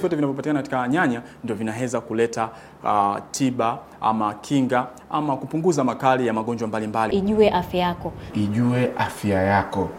vyote vinavyopatikana katika nyanya ndio vinaweza kuleta uh, tiba ama kinga ama kupunguza makali ya magonjwa mbalimbali. Ijue afya yako, ijue afya yako.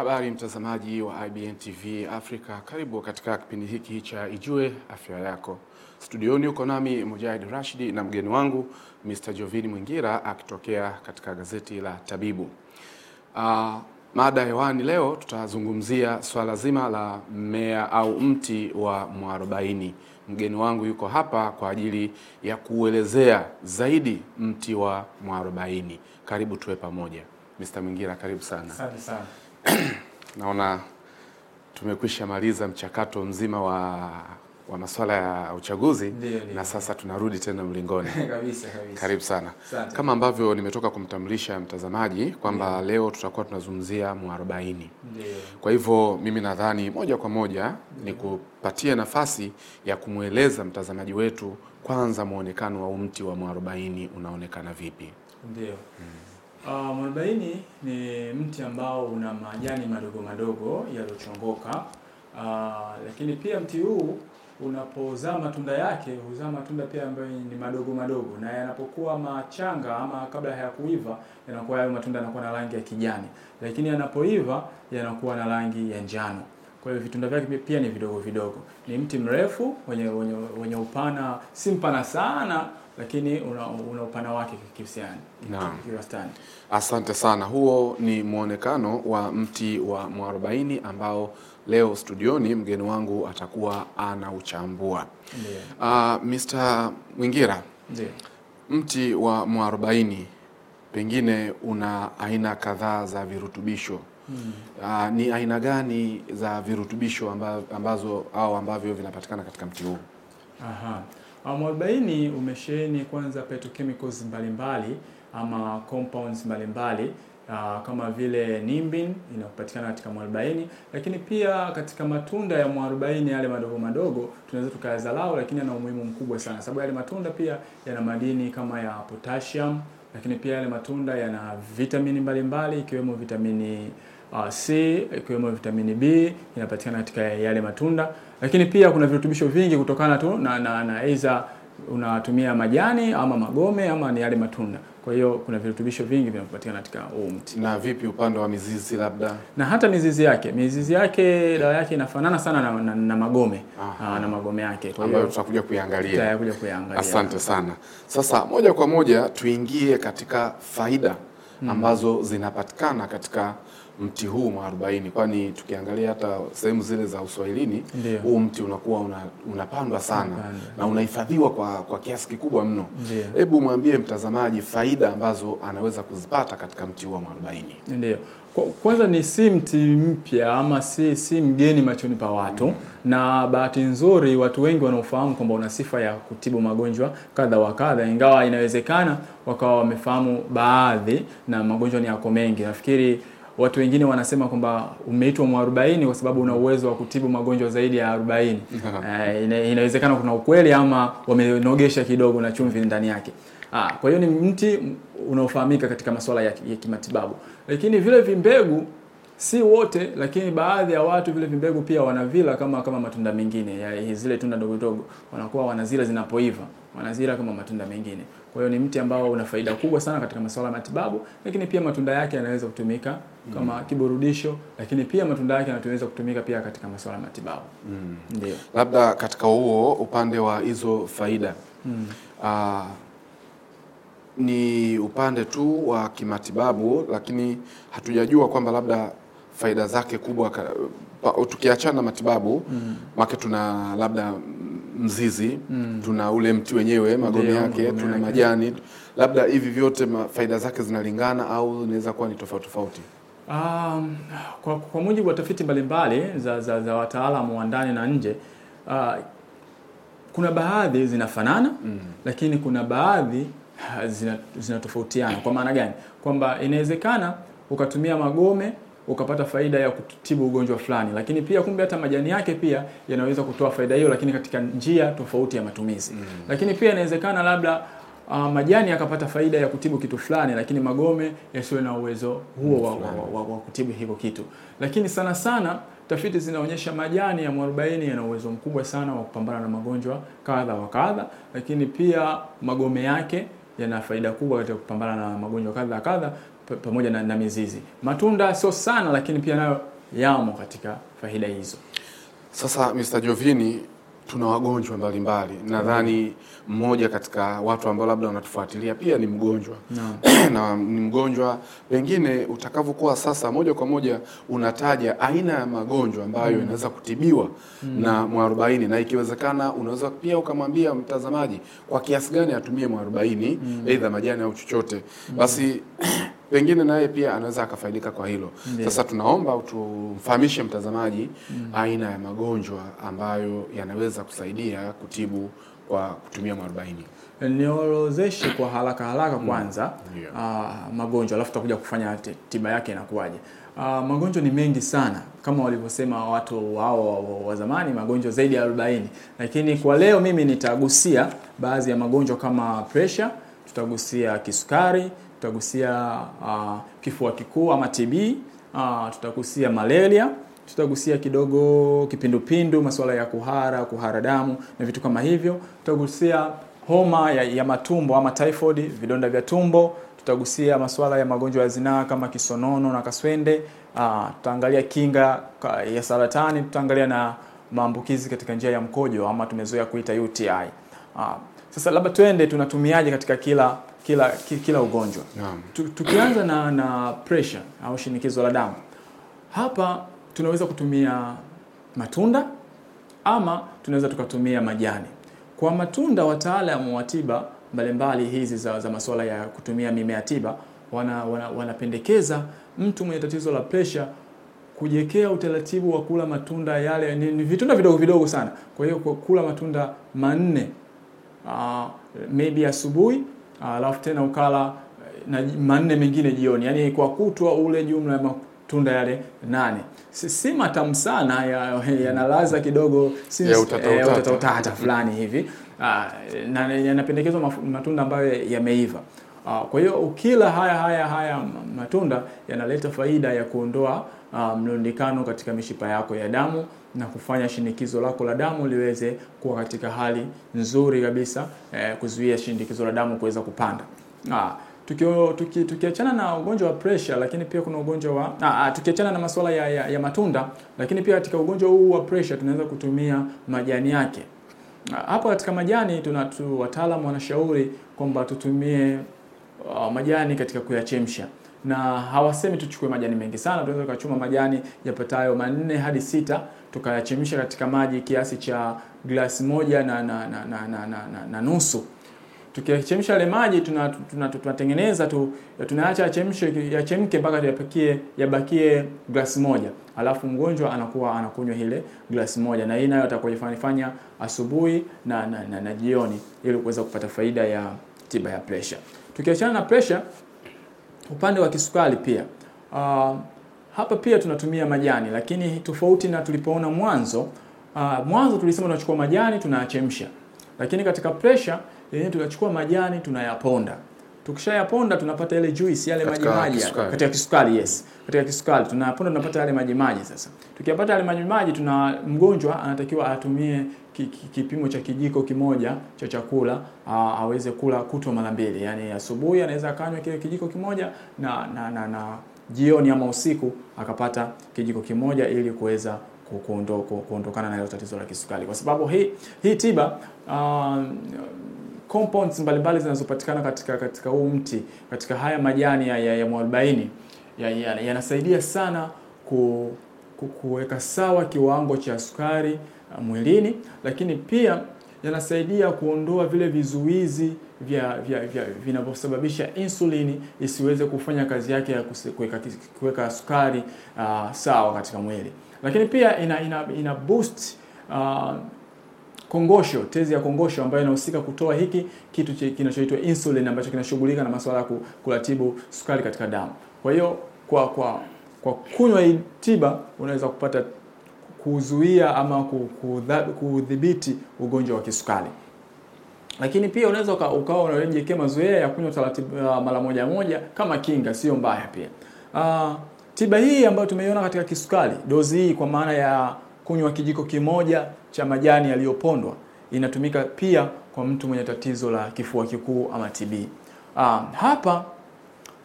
Habari mtazamaji wa IBN TV Afrika, karibu katika kipindi hiki cha Ijue Afya Yako. Studioni uko nami Mujahid Rashidi na mgeni wangu Mr. Jovini Mwingira akitokea katika gazeti la Tabibu. Uh, mada hewani leo tutazungumzia swala zima la mmea au mti wa mwarobaini. Mgeni wangu yuko hapa kwa ajili ya kuelezea zaidi mti wa mwarobaini. Karibu tuwe pamoja. Mr. Mwingira, karibu sana. Asante sana. naona tumekwisha maliza mchakato mzima wa, wa masuala ya uchaguzi Deo, na sasa tunarudi tena mlingoni kabisa, kabisa. Karibu sana Sante. Kama ambavyo nimetoka kumtambulisha mtazamaji kwamba leo tutakuwa tunazungumzia mwarobaini. Kwa hivyo mimi nadhani moja kwa moja ni kupatia nafasi ya kumweleza mtazamaji wetu kwanza muonekano wa umti wa mwarobaini unaonekana vipi? Ndio. Hmm. Uh, ah, mwarobaini ni mti ambao una majani madogo madogo yaliyochongoka. Uh, lakini pia mti huu unapozaa matunda yake huzaa matunda pia ambayo ni madogo madogo, na yanapokuwa machanga ama kabla hayakuiva yanakuwa hayo matunda yanakuwa na rangi ya kijani, lakini yanapoiva yanakuwa na rangi ya njano. Kwa hiyo vitunda vyake pia ni vidogo vidogo. Ni mti mrefu wenye, wenye, wenye upana si mpana sana lakini una, una upana wake kihusiani kiwastani. Asante sana. Huo ni mwonekano wa mti wa mwarobaini ambao leo studioni mgeni wangu atakuwa anauchambua. Uh, ah, Mr. Mwingira, Ndiyo. mti wa mwarobaini pengine una aina kadhaa za virutubisho hmm. Uh, ni aina gani za virutubisho ambazo au ambavyo vinapatikana katika mti huu? Aha. Mwarobaini umesheheni kwanza petrochemicals mbalimbali ama compounds mbalimbali ah, kama vile nimbin inapatikana katika mwarobaini, lakini pia katika matunda ya mwarobaini yale madogo madogo tunaweza tukayazalau, lakini yana umuhimu mkubwa sana, sababu yale matunda pia yana madini kama ya potassium, lakini pia yale matunda yana vitamini mbalimbali ikiwemo vitamini C ikiwemo vitamini B inapatikana katika yale matunda, lakini pia kuna virutubisho vingi kutokana tu na na, na aidha unatumia majani ama magome ama ni yale matunda. Kwa hiyo kuna virutubisho vingi vinapatikana katika huu mti. Na vipi upande wa mizizi labda? Na hata mizizi yake, mizizi yake dawa yake inafanana sana na, na, na magome Aha. Ah, na magome yake, kwa hiyo tutakuja kuiangalia. Tutakuja kuiangalia. Asante sana. Sasa moja kwa moja tuingie katika faida hmm. ambazo zinapatikana katika mti huu mwarobaini, kwani tukiangalia hata sehemu zile za Uswahilini huu mti unakuwa una, unapandwa sana Ndiyo. na unahifadhiwa kwa, kwa kiasi kikubwa mno. Hebu mwambie mtazamaji faida ambazo anaweza kuzipata katika mti huu wa mwarobaini. Ndiyo. Kwanza ni si mti mpya ama si, si mgeni machoni pa watu mm. na bahati nzuri watu wengi wanaofahamu kwamba una sifa ya kutibu magonjwa kadha wa kadha, ingawa inawezekana wakawa wamefahamu baadhi na magonjwa ni yako mengi. Nafikiri watu wengine wanasema kwamba umeitwa mwarobaini kwa sababu una uwezo wa kutibu magonjwa zaidi ya 40. Uh, eh, ina, inawezekana kuna ukweli ama wamenogesha kidogo na chumvi ndani yake. Ah, kwa hiyo ni mti unaofahamika katika masuala ya, ya kimatibabu, lakini vile vimbegu si wote, lakini baadhi ya watu vile vimbegu pia wanavila kama kama matunda mengine ya zile tunda ndogo ndogo, wanakuwa wanazila zinapoiva, wanazila kama matunda mengine. Kwa hiyo ni mti ambao una faida kubwa sana katika masuala ya matibabu, lakini pia matunda yake yanaweza kutumika kama mm. kiburudisho, lakini pia matunda yake yanaweza kutumika pia katika masuala ya matibabu mm. Ndio labda katika huo upande wa hizo faida mm. uh, ni upande tu wa kimatibabu, lakini hatujajua kwamba labda faida zake kubwa tukiachana na matibabu mm. make tuna labda mzizi mm. tuna ule mti wenyewe magome yake tuna majani labda hivi vyote faida zake zinalingana au inaweza kuwa ni tofauti tofauti um, kwa, kwa mujibu wa tafiti mbalimbali za, za, za wataalamu wa ndani na nje uh, kuna baadhi zinafanana mm. lakini kuna baadhi uh, zinatofautiana zina kwa maana gani kwamba inawezekana ukatumia magome ukapata faida ya kutibu ugonjwa fulani, lakini pia kumbe hata majani yake pia yanaweza kutoa faida hiyo, lakini katika njia tofauti ya matumizi mm. Lakini pia inawezekana labda uh, majani yakapata faida ya kutibu kitu fulani, lakini magome yasiwe na uwezo huo wa, wa, wa, wa kutibu hiko kitu, lakini sana sana tafiti zinaonyesha majani ya mwarobaini yana uwezo mkubwa sana wa kupambana na magonjwa kadha wa kadha, lakini pia magome yake yana faida kubwa katika kupambana na magonjwa kadha kadha, pamoja na, na mizizi. Matunda sio sana, lakini pia nayo yamo katika faida hizo. Sasa Mr. Jovini, tuna wagonjwa mbalimbali mbali. Nadhani mmoja katika watu ambao labda wanatufuatilia pia ni mgonjwa na, na ni mgonjwa pengine utakavyokuwa sasa, moja kwa moja unataja aina ya magonjwa ambayo mm. inaweza kutibiwa mm. na mwarobaini, na ikiwezekana unaweza pia ukamwambia mtazamaji kwa kiasi gani atumie mwarobaini, mm. aidha majani au chochote mm. basi pengine naye pia anaweza akafaidika kwa hilo Ndiyo. Sasa tunaomba tumfahamishe mtazamaji mm. aina ya magonjwa ambayo yanaweza kusaidia kutibu kwa kutumia mwarobaini. Niorozeshe kwa haraka haraka mm. kwanza mm. yeah. uh, magonjwa alafu tutakuja kufanya tiba yake inakuwaje. Uh, magonjwa ni mengi sana kama walivyosema watu wao wa zamani, magonjwa zaidi ya 40, lakini kwa leo mimi nitagusia baadhi ya magonjwa kama pressure, tutagusia kisukari tutagusia uh, kifua kikuu ama TB uh, ah, tutagusia malaria tutagusia kidogo kipindupindu, masuala ya kuhara, kuhara damu na vitu kama hivyo. Tutagusia homa ya, ya matumbo ama typhoid, vidonda vya tumbo. Tutagusia masuala ya magonjwa ya zinaa kama kisonono na kaswende. Uh, tutaangalia kinga ya saratani, tutaangalia na maambukizi katika njia ya mkojo ama tumezoea kuita UTI. Uh, sasa labda twende tunatumiaje katika kila kila kila ugonjwa yeah. Tukianza na, na pressure au shinikizo la damu, hapa tunaweza kutumia matunda ama tunaweza tukatumia majani. Kwa matunda, wataalamu wa tiba mbalimbali hizi za, za masuala ya kutumia mimea tiba wana, wana, wanapendekeza mtu mwenye tatizo la pressure kujekea utaratibu wa kula matunda yale, ni vitunda vidogo vidogo sana. Kwa hiyo kula matunda manne, uh, maybe asubuhi alafu tena ukala eh, na manne mengine jioni, yani kwa kutwa ule jumla ya matunda yale nane si, si matamu sana, yanalaza ya kidogo eh, ya utata fulani hivi, ah, na yanapendekezwa matunda ambayo yameiva. Ah, kwa hiyo ukila haya haya haya matunda yanaleta faida ya kuondoa ah, mlundikano katika mishipa yako ya damu na kufanya shinikizo lako la damu liweze kuwa katika hali nzuri kabisa eh, kuzuia shinikizo la damu kuweza kupanda. Ah, tukiachana tuki, tuki na ugonjwa wa pressure, lakini pia kuna ugonjwa wa ah, ah, tukiachana na masuala ya, ya, ya matunda, lakini pia katika ugonjwa huu wa pressure tunaweza kutumia majani yake. Ah, hapo katika majani tuna wataalamu wanashauri kwamba tutumie uh, majani katika kuyachemsha na hawasemi tuchukue majani mengi sana, tunaweza tukachuma majani yapatayo manne hadi sita tukayachemsha katika maji kiasi cha glasi moja na, na, na, na, na, na, na, na nusu. Tukiachemsha yale maji tunatengeneza tuna, tuna, tuna tu tunaacha yachemshe yachemke mpaka yapakie yabakie glasi moja, alafu mgonjwa anakuwa anakunywa ile glasi moja, na hii nayo atakayofanya asubuhi na, na, na, na, na jioni ili kuweza kupata faida ya tiba ya pressure. Tukiachana na pressure Upande wa kisukari pia uh, hapa pia tunatumia majani, lakini tofauti na tulipoona mwanzo uh, mwanzo tulisema tunachukua majani tunayachemsha, lakini katika pressure yenyewe eh, tunachukua majani tunayaponda. Tukishayaponda tunapata ile juice yale maji maji katika kisukari, yes, katika kisukari tunaponda tunapata yale maji maji. Sasa tukiyapata yale maji maji, tuna mgonjwa anatakiwa atumie kipimo cha kijiko kimoja cha chakula aweze kula kutwa mara mbili, yani asubuhi anaweza akanywa kile kijiko kimoja na, na, na, na jioni ama usiku akapata kijiko kimoja ili kuweza kuondokana na hilo tatizo la kisukari, kwa sababu hii hii tiba uh, compounds mbalimbali zinazopatikana katika katika huu mti katika haya majani ya, ya, ya mwarobaini yanasaidia ya, ya sana ku, ku, kuweka sawa kiwango cha sukari uh, mwilini, lakini pia yanasaidia kuondoa vile vizuizi vya, vya, vya vinavyosababisha insulini isiweze kufanya kazi yake ya kuweka sukari uh, sawa katika mwili, lakini pia ina, ina, ina boost uh, kongosho, tezi ya kongosho ambayo inahusika kutoa hiki kitu kinachoitwa insulin ambacho kinashughulika na masuala ya kuratibu sukari katika damu. Kwa hiyo kwa kwa kwa kunywa hii tiba unaweza kupata kuzuia ama kudhibiti ugonjwa wa kisukari. Lakini pia unaweza ukawa unajiwekea mazoea ya kunywa taratibu uh, mara moja moja kama kinga, sio mbaya pia. Uh, tiba hii ambayo tumeiona katika kisukari, dozi hii kwa maana ya kunywa kijiko kimoja cha majani yaliyopondwa. Inatumika pia kwa mtu mwenye tatizo la kifua kikuu ama TB. Ah, hapa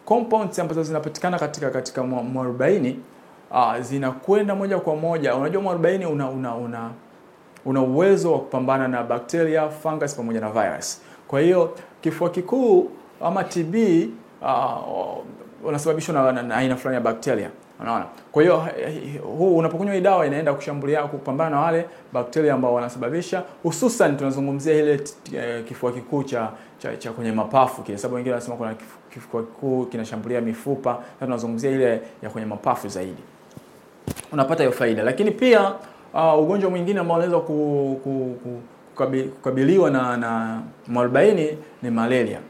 compounds ambazo zinapatikana katika katika mwarobaini ah, zinakwenda moja kwa moja. Unajua mwarobaini una, una, una una uwezo wa kupambana na bakteria, fungus pamoja na virus. Kwa hiyo kifua kikuu ama TB unasababishwa ah, na aina fulani ya bakteria. Unaona? Kwa hiyo eh, eh, huu unapokunywa hii dawa inaenda kushambulia kupambana na wale bakteria ambao wanasababisha hususan tunazungumzia ile eh, kifua kikuu cha, cha, cha kwenye mapafu kile. Sababu wengine wanasema kuna kifua kikuu kinashambulia mifupa, na tunazungumzia ile ya kwenye mapafu zaidi. Unapata hiyo faida. Lakini pia uh, ugonjwa mwingine ambao unaweza ku, ku, ku, kukabiliwa na na mwarobaini ni malaria.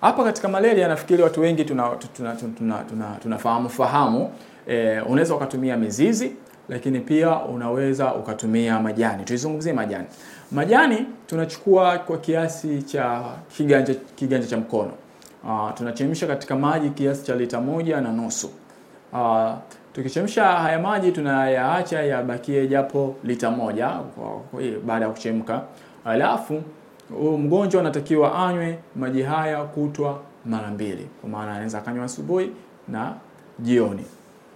Hapa katika malaria nafikiri watu wengi tunafahamu tuna, tuna, tuna, tuna, tuna fahamu eh, unaweza ukatumia mizizi lakini pia unaweza ukatumia majani. Tuizungumzie majani. Majani tunachukua kwa kiasi cha kiganja, kiganja cha mkono. Uh, tunachemsha katika maji kiasi cha lita moja na nusu. Uh, tukichemsha haya maji tunayaacha yabakie japo lita moja baada ya kuchemka, alafu mgonjwa anatakiwa anywe maji haya kutwa mara mbili, kwa maana anaweza akanywa asubuhi na jioni.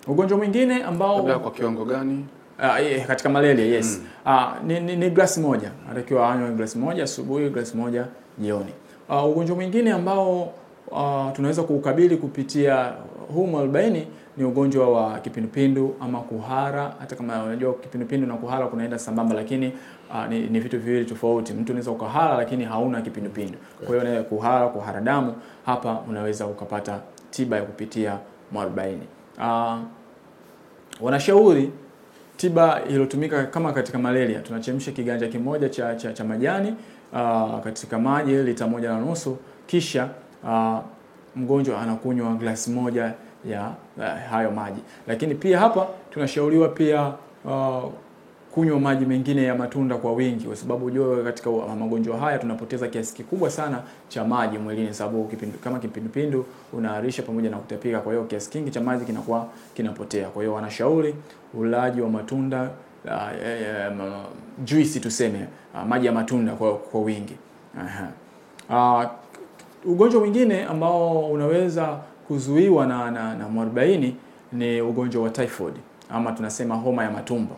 Ugonjwa mwingine ambao kwa kiwango gani? Uh, yeah, eh, eh, katika malaria yes. Mm. Uh, ni, ni, ni glasi moja anatakiwa anywe glasi moja asubuhi, glasi moja jioni. Uh, ugonjwa mwingine ambao uh, tunaweza kuukabili kupitia huu mwarobaini ni ugonjwa wa kipindupindu ama kuhara. Hata kama unajua kipindupindu na kuhara kunaenda sambamba, lakini uh, ni, ni vitu viwili tofauti. Mtu unaweza ukahara lakini hauna kipindupindu. Kwa hiyo kuhara, kuhara damu hapa unaweza ukapata tiba ya kupitia mwarobaini. Uh, ah, wanashauri tiba iliyotumika kama katika malaria, tunachemsha kiganja kimoja cha, cha, cha majani uh, katika maji lita moja na nusu kisha uh, mgonjwa anakunywa glasi moja ya uh, hayo maji. Lakini pia hapa tunashauriwa pia uh, kunywa maji mengine ya matunda kwa wingi, kwa sababu ujue katika magonjwa haya tunapoteza kiasi kikubwa sana cha maji mwilini, sababu kipindu, kama kipindupindu unaharisha pamoja na kutapika, kwa hiyo kiasi kingi cha maji kinakuwa kinapotea. Kwa hiyo wanashauri ulaji wa matunda uh, uh, uh, juisi tuseme, uh, maji ya matunda kwa, kwa wingi. -huh. Ah, uh, ugonjwa mwingine ambao unaweza kuzuiwa na, na, na mwarobaini ni ugonjwa wa typhoid ama tunasema homa ya matumbo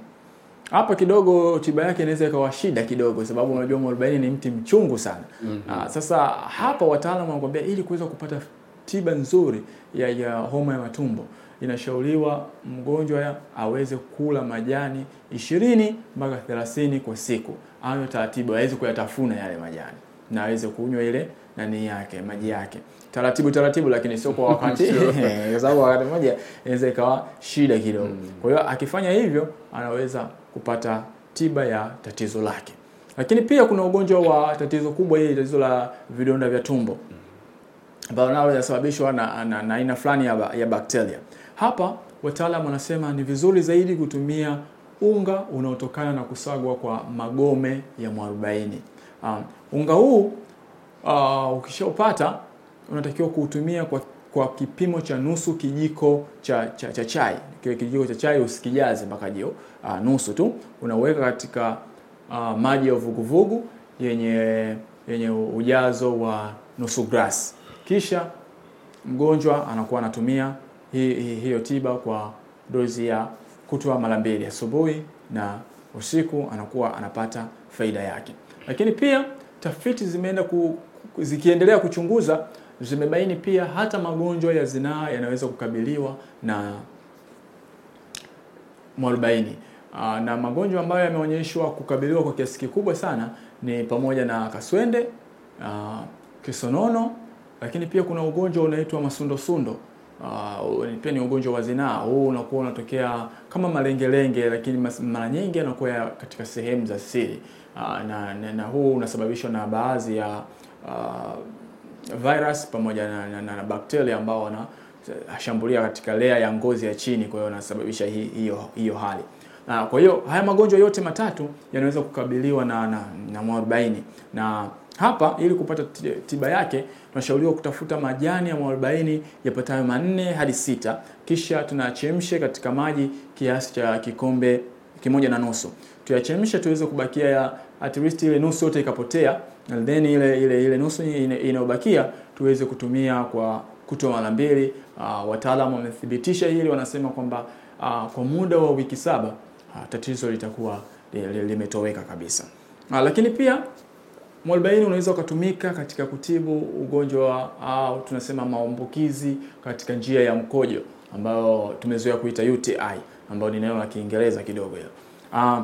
hapa kidogo tiba yake inaweza ikawa shida kidogo, sababu unajua mwarobaini ni mti mchungu sana. mm -hmm. Sasa hapa wataalamu wanakuambia ili kuweza kupata tiba nzuri ya, ya homa ya matumbo inashauriwa mgonjwa ya aweze kula majani ishirini mpaka thelathini kwa siku, ayo taratibu, aweze kuyatafuna yale majani na aweze kunywa ile nani yake maji yake taratibu taratibu, lakini sio kwa wakati, kwa sababu wakati mmoja inaweza ikawa shida kidogo. mm. Kwa hiyo akifanya hivyo anaweza kupata tiba ya tatizo lake. Lakini pia kuna ugonjwa wa tatizo kubwa hili, tatizo la vidonda vya tumbo ambalo nalo linasababishwa na, na, na aina fulani ya, ya bakteria. Hapa wataalamu wanasema ni vizuri zaidi kutumia unga unaotokana na kusagwa kwa magome ya mwarobaini. Um, unga huu uh, ukishaupata unatakiwa kuutumia kwa kwa kipimo cha nusu kijiko cha, cha, cha chai. Kile kijiko cha chai usikijaze mpaka jio, uh, nusu tu unaweka katika uh, maji ya uvuguvugu yenye, yenye ujazo wa nusu glasi, kisha mgonjwa anakuwa anatumia hi, hi, hiyo tiba kwa dozi ya kutwa mara mbili, asubuhi na usiku, anakuwa anapata faida yake. Lakini pia tafiti zimeenda ku, zikiendelea kuchunguza Zimebaini pia hata magonjwa ya zinaa yanaweza kukabiliwa na mwarobaini. Ah, na magonjwa ambayo yameonyeshwa kukabiliwa kwa kiasi kikubwa sana ni pamoja na kaswende, aa, ah, kisonono, lakini pia kuna ugonjwa unaitwa masundosundo. Uh, pia ni ugonjwa wa zinaa. Huu unakuwa unatokea kama malengelenge, lakini mara nyingi anakuwa katika sehemu za siri. Uh, na, na, na huu unasababishwa na baadhi ya uh, virus pamoja na, na, na, na bakteria ambao wanashambulia katika lea ya ngozi ya chini, kwa hiyo wanasababisha hiyo hiyo hali. Na kwa hiyo haya magonjwa yote matatu yanaweza kukabiliwa na na, na mwarobaini na hapa ili kupata tiba yake tunashauriwa kutafuta majani ya mwarobaini yapatayo manne hadi sita, kisha tunachemshe katika maji kiasi cha kikombe kimoja na nusu. Tuyachemshe tuweze kubakia ya at least ile nusu yote ikapotea and then ile ile ile nusu inayobakia tuweze kutumia kwa kutoa mara mbili. Uh, wataalamu wamethibitisha hili, wanasema kwamba uh, kwa muda wa wiki saba uh, tatizo litakuwa limetoweka kabisa. Uh, lakini pia mwarobaini unaweza ukatumika katika kutibu ugonjwa au uh, tunasema maambukizi katika njia ya mkojo ambayo tumezoea kuita UTI ambayo ni neno la Kiingereza kidogo hilo. Uh,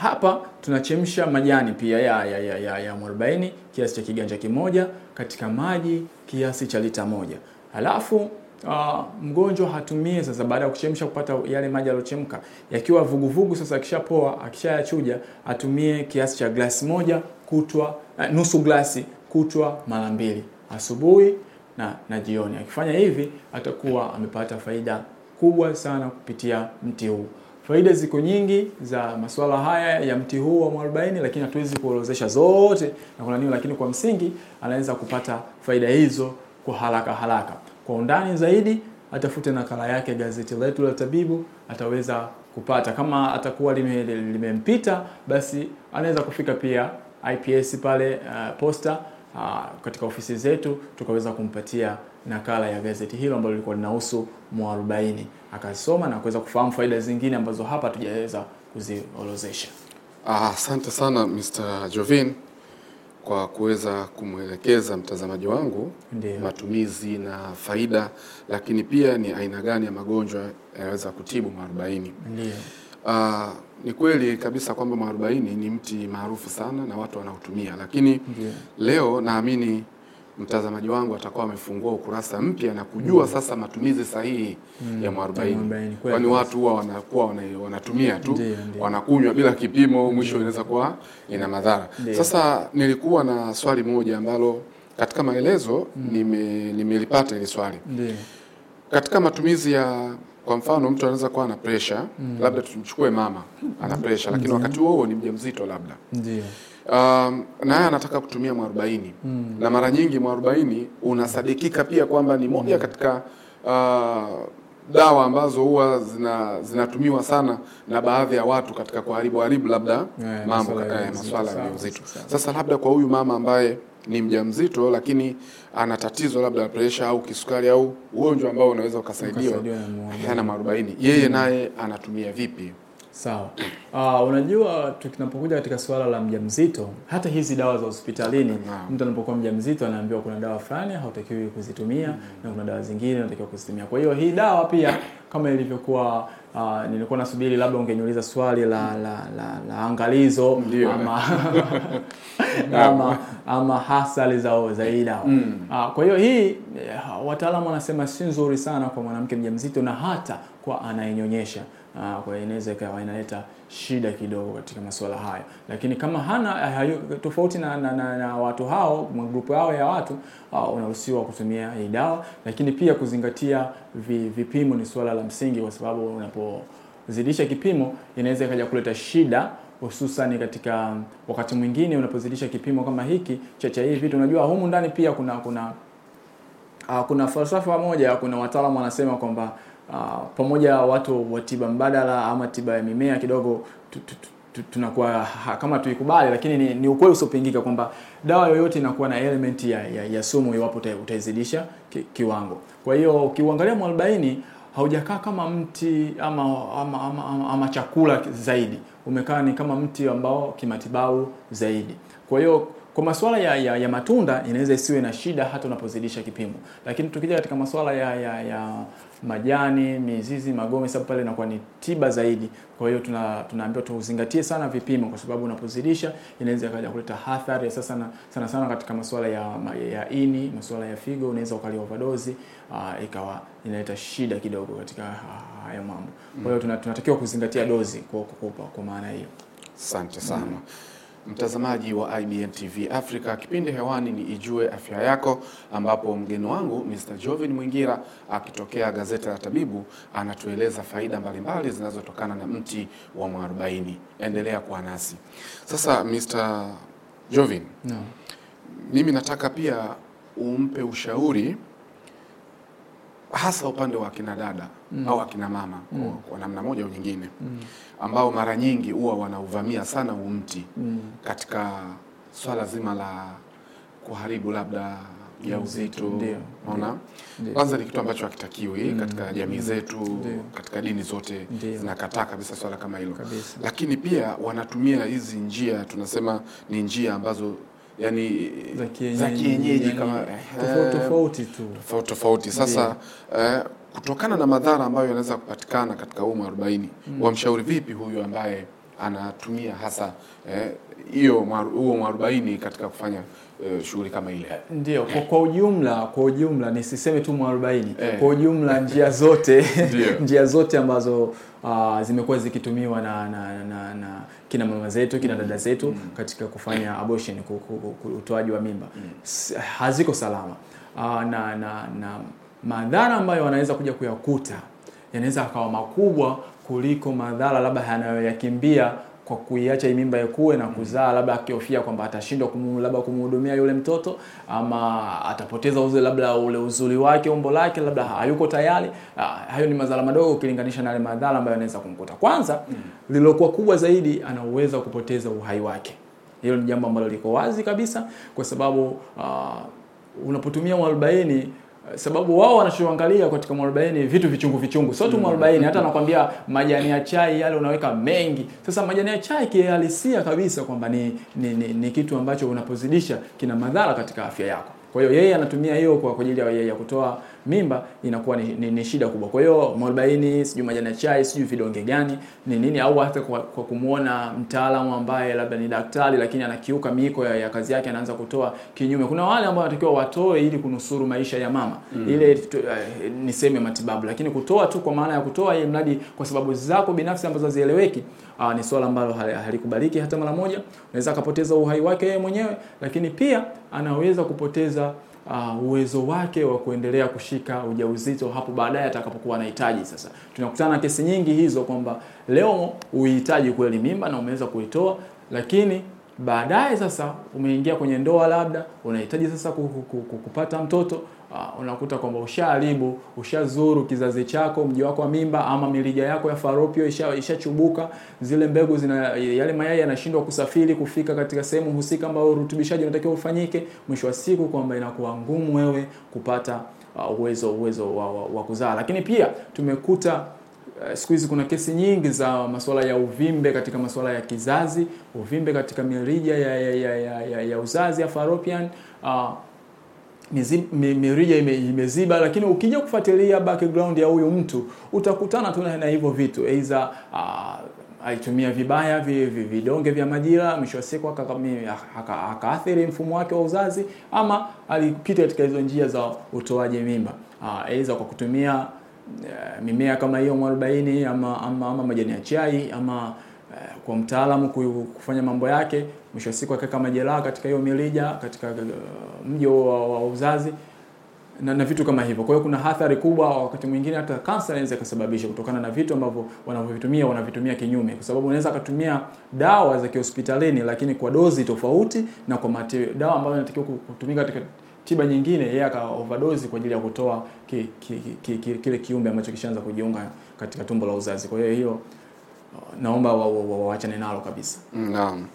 hapa tunachemsha majani pia ya, ya, ya, ya, ya mwarobaini kiasi cha kiganja kimoja katika maji kiasi cha lita moja. Halafu uh, ah, mgonjwa hatumie sasa, baada ya kuchemsha kupata yale maji yaliyochemka yakiwa vuguvugu. Sasa akishapoa akishayachuja, atumie kiasi cha glasi moja kutwa uh, nusu glasi kutwa mara mbili, asubuhi na, na jioni. Akifanya hivi atakuwa amepata faida kubwa sana kupitia mti huu. Faida ziko nyingi za masuala haya ya mti huu wa mwarobaini, lakini hatuwezi kuorozesha zote na kuna nini, lakini kwa msingi anaweza kupata faida hizo kwa haraka haraka. Kwa undani zaidi, atafute nakala yake gazeti letu la Tabibu, ataweza kupata. Kama atakuwa limempita lime, basi anaweza kufika pia IPS pale uh, posta uh, katika ofisi zetu tukaweza kumpatia nakala ya gazeti hilo ambalo lilikuwa linahusu mwarobaini, akasoma na kuweza kufahamu faida zingine ambazo hapa tujaweza kuziorozesha. Ah, asante ah, sana Mr. Jovin kwa kuweza kumwelekeza mtazamaji wangu Ndiyo. matumizi na faida, lakini pia ni aina gani ya magonjwa yanaweza kutibu mwarobaini. Ah, ni kweli kabisa kwamba mwarobaini ni mti maarufu sana na watu wanautumia, lakini Ndiyo. leo naamini mtazamaji wangu atakuwa amefungua ukurasa mpya na kujua mm. sasa matumizi sahihi mm. ya mwarobaini, kwani watu huwa wanakuwa wanatumia tu wanakunywa bila kipimo, mwisho inaweza kuwa ina madhara Sasa nilikuwa na swali moja ambalo katika maelezo mm. nime, nimelipata ile swali katika matumizi ya kwa mfano mtu anaweza kuwa na pressure mm. labda tumchukue mama ana pressure, lakini wakati huo ni mjamzito labda ndiyo um, naye anataka kutumia mwarobaini mm. na mara nyingi mwarobaini unasadikika pia kwamba ni moja katika uh, dawa ambazo huwa zina, zinatumiwa sana na baadhi ya watu katika kuharibu haribu labda yeah, mambo maswala ya ujauzito. Sasa labda kwa huyu mama ambaye ni mjamzito lakini ana tatizo labda la presha au kisukari au ugonjwa ambao unaweza ukasaidiwa, ana mwarobaini, yeye naye anatumia vipi? Sawa. Uh, unajua tunapokuja katika suala la mjamzito, hata hizi dawa za hospitalini, mtu anapokuwa mjamzito anaambiwa kuna dawa fulani hautakiwi kuzitumia mm -hmm. na kuna dawa zingine unatakiwa kuzitumia. Kwa hiyo hii dawa pia kama ilivyokuwa uh, nilikuwa nasubiri labda ungeniuliza swali la la, la, la angalizo Ndiyo. ama ama, ama hasali za hii dawa. Mm. Uh, kwa hiyo hii eh, wataalamu wanasema si nzuri sana kwa mwanamke mjamzito na hata kwa anayenyonyesha. Ah, kwa inaweza ikawa inaleta shida kidogo katika masuala haya, lakini kama hana ah, hayu, tofauti na, na, na, na watu hao magrupu yao ya watu uh, unaruhusiwa kutumia hii dawa, lakini pia kuzingatia vi, vipimo ni suala la msingi, kwa sababu unapozidisha kipimo inaweza ikaja kuleta shida hususan katika wakati mwingine unapozidisha kipimo kama hiki cha cha hivi vitu. Unajua humu ndani pia kuna kuna uh, kuna falsafa moja, kuna wataalamu wanasema kwamba uh, pamoja watu wa tiba mbadala ama tiba ya mimea kidogo tunakuwa kama tuikubali, lakini ni, ni ukweli usiopingika kwamba dawa yoyote inakuwa na element ya, ya, ya sumu iwapo utaizidisha ki, kiwango. Kwa hiyo ukiuangalia mwarobaini haujakaa kama mti ama ama, ama, ama ama chakula zaidi, umekaa ni kama mti ambao kimatibabu zaidi. Kwa hiyo kwa masuala ya, ya, ya matunda inaweza isiwe na shida hata unapozidisha kipimo, lakini tukija katika masuala ya, ya, ya majani, mizizi, magome, sababu pale inakuwa ni tiba zaidi. Kwa hiyo tuna, tunaambiwa tuzingatie sana vipimo, kwa sababu unapozidisha inaweza ikaja kuleta hathari sasa sana, sana sana katika masuala ya, ya ini, masuala ya figo, unaweza ukali overdose uh, ikawa inaleta shida kidogo katika uh, ah, haya mambo. Kwa hiyo tunatakiwa kuzingatia dozi kwa, kwa, kwa, kwa maana hiyo. Asante sana. Mm. Mtazamaji wa IBN TV Africa, kipindi hewani ni Ijue Afya Yako, ambapo mgeni wangu Mr. Jovin Mwingira akitokea gazeti la Tabibu anatueleza faida mbalimbali zinazotokana na mti wa mwarobaini. Endelea kuwa nasi sasa. Mr. Jovin, no. Mimi nataka pia umpe ushauri hasa upande wa kina dada mm. au akina mama mm. kwa namna moja au nyingine mm. ambao mara nyingi huwa wanauvamia sana umti mm. katika swala zima la kuharibu labda uzito Unaona, kwanza ni kitu ambacho hakitakiwi mm. katika jamii mm. zetu Ndiyo. katika dini zote zinakataa kabisa swala kama hilo, lakini pia wanatumia hizi njia, tunasema ni njia ambazo yani za kienyeji kama tofauti tofauti sasa eh, kutokana na madhara ambayo yanaweza kupatikana katika huu mwarobaini mm. wamshauri vipi huyu ambaye anatumia hasa eh, hiyo eh, huo mwarobaini katika kufanya eh, shughuli kama ile? Ndio, kwa, kwa ujumla kwa ujumla nisiseme tu mwarobaini eh. Kwa ujumla njia zote njia zote ambazo uh, zimekuwa zikitumiwa na, na, na, na kina mama zetu kina dada zetu mm. katika kufanya abortion, utoaji wa mimba mm. haziko salama uh, na, na, na madhara ambayo wanaweza kuja kuyakuta yanaweza akawa makubwa kuliko madhara labda yanayoyakimbia kwa kuiacha hii mimba ikue na kuzaa, mm-hmm. labda akihofia kwamba atashindwa kumu, labda kumhudumia yule mtoto ama atapoteza uze labda ule uzuri wake, umbo lake, labda hayuko tayari. Ah, hayo ni madhara madogo ukilinganisha na yale madhara ambayo anaweza kumkuta. Kwanza mm. lililokuwa kubwa zaidi, anaweza kupoteza uhai wake. Hilo ni jambo ambalo liko wazi kabisa, kwa sababu uh, unapotumia mwarobaini sababu wao wanachoangalia katika mwarobaini vitu vichungu vichungu, sio tu mm. mwarobaini. Hata anakwambia majani ya chai yale unaweka mengi. Sasa majani ya chai kihalisia kabisa kwamba ni, ni, ni, ni kitu ambacho unapozidisha kina madhara katika afya yako. Kwa hiyo yeye anatumia hiyo kwa ajili ya yeye kutoa mimba inakuwa ni, ni, ni shida kubwa. Kwa hiyo mwarobaini, sijui majani ya chai, sijui vidonge gani, ni nini au hata kwa, kwa kumuona mtaalamu ambaye labda ni daktari lakini anakiuka miiko ya, ya kazi yake anaanza kutoa kinyume. Kuna wale ambao wanatakiwa watoe ili kunusuru maisha ya mama. Mm. Ile uh, ni sehemu ya matibabu lakini kutoa tu kwa maana ya kutoa ili mradi kwa sababu zako binafsi ambazo hazieleweki, uh, ni swala ambalo halikubaliki hata mara moja. Unaweza akapoteza uhai wake yeye mwenyewe lakini pia anaweza kupoteza uh, uwezo wake wa kuendelea kushika ujauzito hapo baadaye atakapokuwa anahitaji. Sasa tunakutana kesi nyingi hizo kwamba leo uhitaji kweli mimba na umeweza kuitoa, lakini baadaye sasa umeingia kwenye ndoa, labda unahitaji sasa kupata mtoto uh, unakuta kwamba ushaharibu, ushazuru kizazi chako, mji wako wa mimba, ama mirija yako ya faropio ishachubuka, isha zile mbegu zina, yale mayai yanashindwa kusafiri kufika katika sehemu husika ambayo urutubishaji unatakiwa ufanyike. Mwisho wa siku kwamba inakuwa ngumu wewe kupata uh, uwezo uwezo wa, wa, wa kuzaa. Lakini pia tumekuta eh, siku hizi kuna kesi nyingi za masuala ya uvimbe katika masuala ya kizazi, uvimbe katika mirija ya, ya, ya, ya, ya uzazi ya fallopian uh, ah, mirija ime, imeziba, lakini ukija kufuatilia background ya huyu mtu utakutana tu na hivyo vitu aidha alitumia ah, vibaya vidonge vya majira, mwisho wa siku akaathiri mfumo wake wa uzazi, ama alipita katika hizo njia za utoaji mimba, aidha ah, kwa kutumia e, mimea kama hiyo mwarobaini ama, ama, ama majani ya chai ama e, kwa mtaalamu kufanya mambo yake mwisho wa siku akaweka majeraha katika hiyo mirija, katika uh, mji wa, wa uzazi na, na vitu kama hivyo. Kwa hiyo kuna hathari kubwa, wakati mwingine hata kansa inaweza kusababisha kutokana na vitu ambavyo wanavyovitumia wanavitumia kinyume, kwa sababu unaweza kutumia dawa za kihospitalini lakini kwa dozi tofauti na kwa mati, dawa ambayo inatakiwa kutumika katika tiba nyingine, yeye aka overdose kwa ajili ya kutoa ki, ki, ki, ki, kile kiumbe ambacho kishaanza kujiunga katika tumbo la uzazi. Kwa hiyo hiyo naomba wawachane wa, wa, nalo kabisa. Naam.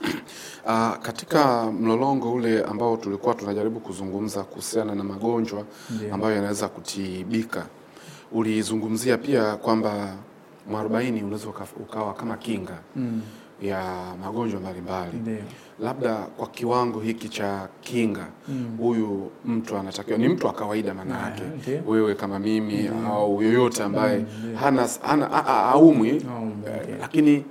Uh, katika mlolongo ule ambao tulikuwa tunajaribu kuzungumza kuhusiana na magonjwa yeah, ambayo yanaweza kutibika, ulizungumzia pia kwamba mwarobaini unaweza ukawa kama kinga mm ya magonjwa mbalimbali, labda kwa kiwango hiki cha kinga mm. huyu mm. mtu anatakiwa ni mtu wa kawaida, maana yake wewe kama mimi mm. au yoyote ambaye mm, hana aumwi oh, eh, okay. lakini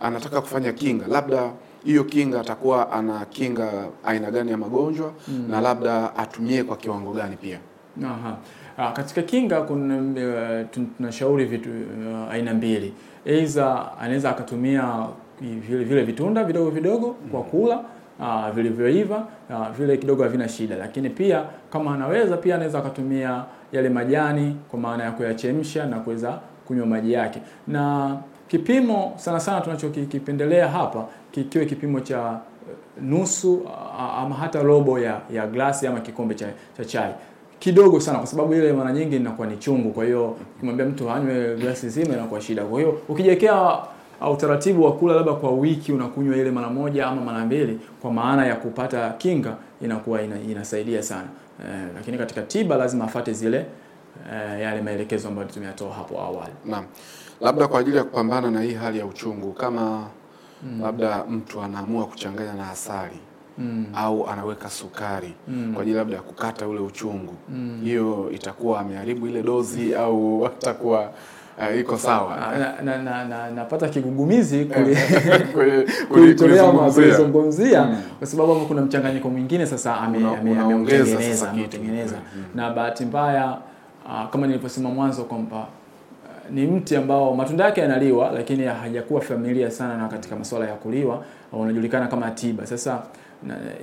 anataka kufanya kinga, labda hiyo kinga atakuwa ana kinga aina gani ya magonjwa mm. na labda atumie kwa kiwango gani pia. Aha. Ha, ah, katika kinga kuna eh, tunashauri vitu uh, aina mbili, aidha anaweza akatumia vile, vile vitunda vidogo vidogo mm. kwa kula uh, vilivyoiva uh, vile kidogo havina shida, lakini pia kama anaweza pia anaweza akatumia yale majani kwa maana ya kuyachemsha na kuweza kunywa maji yake. Na kipimo sana sana tunachokipendelea hapa kikiwe kipimo cha eh, nusu ah, ama hata robo ya, ya glasi ama kikombe cha, cha chai kidogo sana, kwa sababu ile mara nyingi inakuwa ni chungu. Kwa hiyo ukimwambia mtu anywe glasi zima inakuwa shida. Kwa hiyo ukijiwekea utaratibu wa kula labda kwa wiki unakunywa ile mara moja ama mara mbili, kwa maana ya kupata kinga, inakuwa ina, inasaidia sana e, lakini katika tiba lazima afate zile e, yale maelekezo ambayo tumeyatoa hapo awali. Naam, labda kwa ajili ya kupambana na hii hali ya uchungu kama mm. labda mtu anaamua kuchanganya na asali Mm. au anaweka sukari mm. kwa ajili labda ya kukata ule uchungu mm. hiyo, mm. itakuwa ameharibu ile dozi au atakuwa uh, iko sawa napata ah, na, na, na, na, kigugumizi eh, kuitolea kulizungumzia hmm. kwa sababu hapo kuna mchanganyiko mwingine sasa ameongeza hmm, hmm. na bahati mbaya uh, kama nilivyosema mwanzo kwamba eh, ni mti ambao matunda yake yanaliwa lakini hajakuwa familia sana na katika masuala ya kuliwa unajulikana kama tiba sasa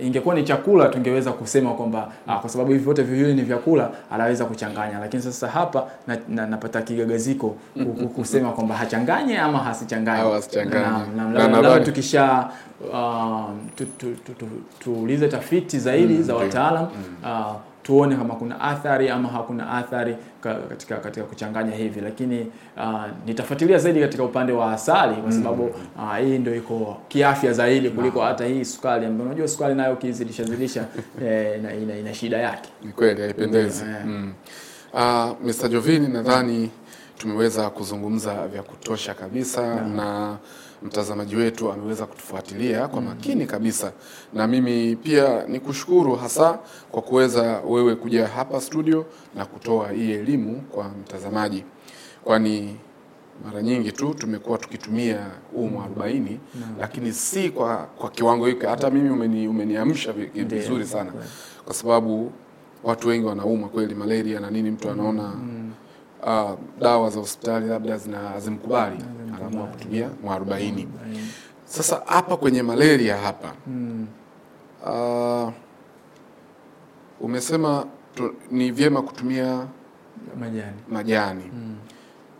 ingekuwa ni chakula tungeweza kusema kwamba ah, kwa sababu hivi vyote viwili ni vyakula anaweza kuchanganya, lakini sasa hapa na, na, napata kigagaziko kusema kwamba hachanganye ama hasichanganye. Labda tukisha tuulize tafiti zaidi mm, za wataalam mm. ah, tuone kama kuna athari ama hakuna athari katika katika kuchanganya hivi, lakini uh, nitafuatilia zaidi katika upande wa asali kwa mm. sababu uh, hii ndio iko kiafya zaidi kuliko hata hii sukari ambayo unajua sukari nayo ukizidisha zidisha eh, ina, ina, ina shida yake. Ni kweli haipendezi. Yeah. Mm. Uh, ah, Mr. Jovini nadhani tumeweza kuzungumza vya kutosha kabisa yeah. na mtazamaji wetu ameweza kutufuatilia kwa mm-hmm. makini kabisa, na mimi pia ni kushukuru hasa kwa kuweza wewe kuja hapa studio na kutoa hii elimu kwa mtazamaji, kwani mara nyingi tu tumekuwa tukitumia huu mm-hmm. mwarobaini no. lakini si kwa, kwa kiwango hiki. Hata mimi umeni, umeniamsha vizuri sana, kwa sababu watu wengi wanauma kweli malaria na nini, mtu mm-hmm. anaona mm uh, dawa za hospitali labda hazimkubali, anaamua kutumia mwarobaini. Sasa hapa kwenye malaria hapa uh, umesema tu, ni vyema kutumia majani, majani.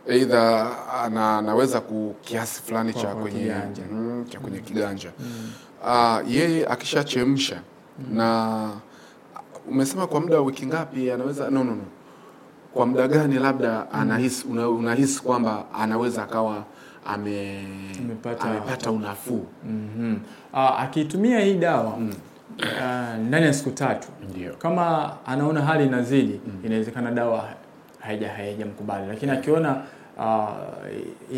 Aidha hmm. ana, anaweza ku kiasi fulani cha kwenye mm, cha kwenye mm. kiganja mm. Uh, yeye akishachemsha mm. na umesema kwa muda wa wiki ngapi anaweza no, no, no kwa muda gani labda anahisi unahisi kwamba anaweza akawa ame, amepata, amepata unafuu mm -hmm. Uh, akitumia hii dawa mm. Uh, ndani ya siku tatu Ndiyo. Kama anaona hali inazidi mm. Inawezekana dawa haija haijamkubali, lakini akiona uh,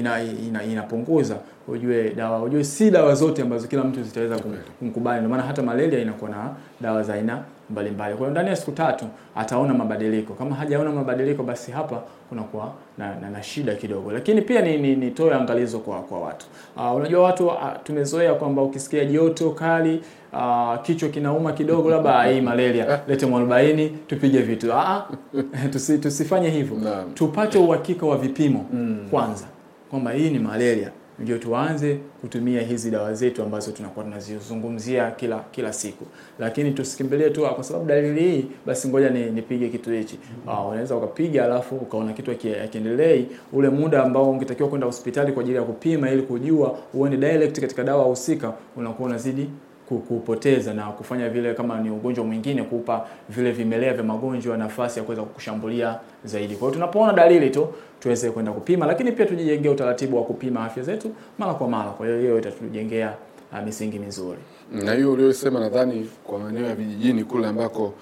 ah, inapunguza ina, ina ujue dawa ujue si dawa zote ambazo kila mtu zitaweza kum, kumkubali. Ndio maana hata malaria inakuwa na dawa za aina mbalimbali. Kwa hiyo ndani ya siku tatu ataona mabadiliko. Kama hajaona mabadiliko, basi hapa kunakuwa na, na, na shida kidogo. Lakini pia ni, ni, nitoe angalizo kwa kwa watu uh, unajua watu uh, tumezoea kwamba ukisikia joto kali uh, kichwa kinauma kidogo, labda hii malaria, lete mwarobaini tupige vitu. Ah, tusi, tusifanye hivyo, tupate uhakika wa vipimo mm. kwanza kwamba hii ni malaria ndio tuanze kutumia hizi dawa zetu ambazo tunakuwa tunazizungumzia kila kila siku, lakini tusikimbilie tu kwa sababu dalili hii, basi ngoja ni, nipige kitu hichi. Uh, unaweza ukapiga alafu ukaona kitu akiendelei, ule muda ambao ungetakiwa kwenda hospitali kwa ajili ya kupima ili kujua uone direct katika dawa husika unakuwa unazidi kupoteza na kufanya vile, kama ni ugonjwa mwingine, kupa vile vimelea vya magonjwa nafasi ya kuweza kukushambulia zaidi. Kwa hiyo tunapoona dalili tu tuweze kwenda kupima, lakini pia tujijengee utaratibu wa kupima afya zetu mara kwa mara. Kwa hiyo hiyo itatujengea uh, misingi mizuri. Na hiyo uliyosema, nadhani kwa maeneo ya vijijini kule ambako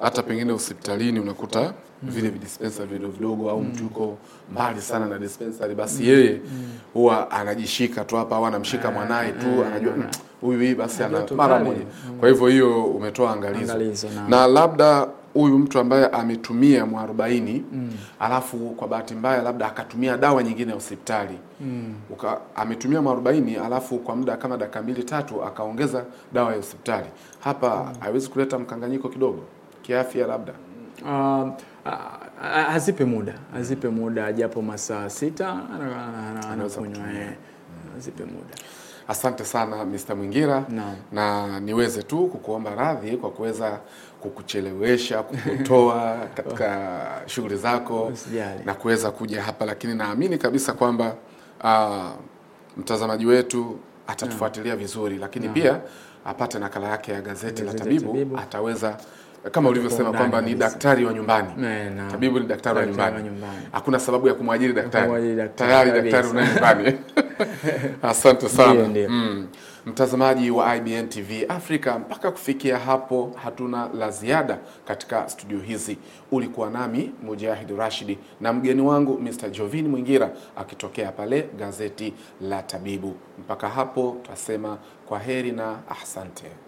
hata pengine hospitalini unakuta mm vile vidispensari vidogo vidogo au mm mtu yuko mbali sana na dispensari, basi yeye mm. huwa mm. anajishika tu hapa au anamshika eh, mwanaye tu, eh, anajua eh huyu basi ana mara moja. Mm. Kwa hivyo hiyo umetoa angalizo, angalizo na, na labda huyu mtu ambaye ametumia mwarobaini mm. alafu kwa bahati mbaya labda akatumia dawa nyingine ya hospitali mm. ametumia mwarobaini alafu kwa muda kama dakika mbili tatu akaongeza dawa ya hospitali hapa mm. kuleta mkanganyiko kidogo kiafya labda uh, hazipe muda hazipe muda japo masaa sita anakunywa eh, hazipe muda Asante sana Mr. Mwingira na, na niweze tu kukuomba radhi kwa kuweza kukuchelewesha kukutoa katika shughuli zako Usijali. na kuweza kuja hapa, lakini naamini kabisa kwamba uh, mtazamaji wetu atatufuatilia vizuri, lakini na. pia apate nakala yake ya gazeti, la tabibu, tabibu ataweza kama ulivyosema kwamba ni daktari wa nyumbani na, na, tabibu ni daktari, daktari wa nyumbani. Hakuna sababu ya kumwajiri daktari, tayari daktari una nyumbani Asante sana ndiyo, mm. Mtazamaji wa IBN TV Afrika, mpaka kufikia hapo hatuna la ziada katika studio hizi. Ulikuwa nami Mujahid Rashidi na mgeni wangu Mr. Jovin Mwingira akitokea pale gazeti la Tabibu. Mpaka hapo tutasema kwa heri na ahsante.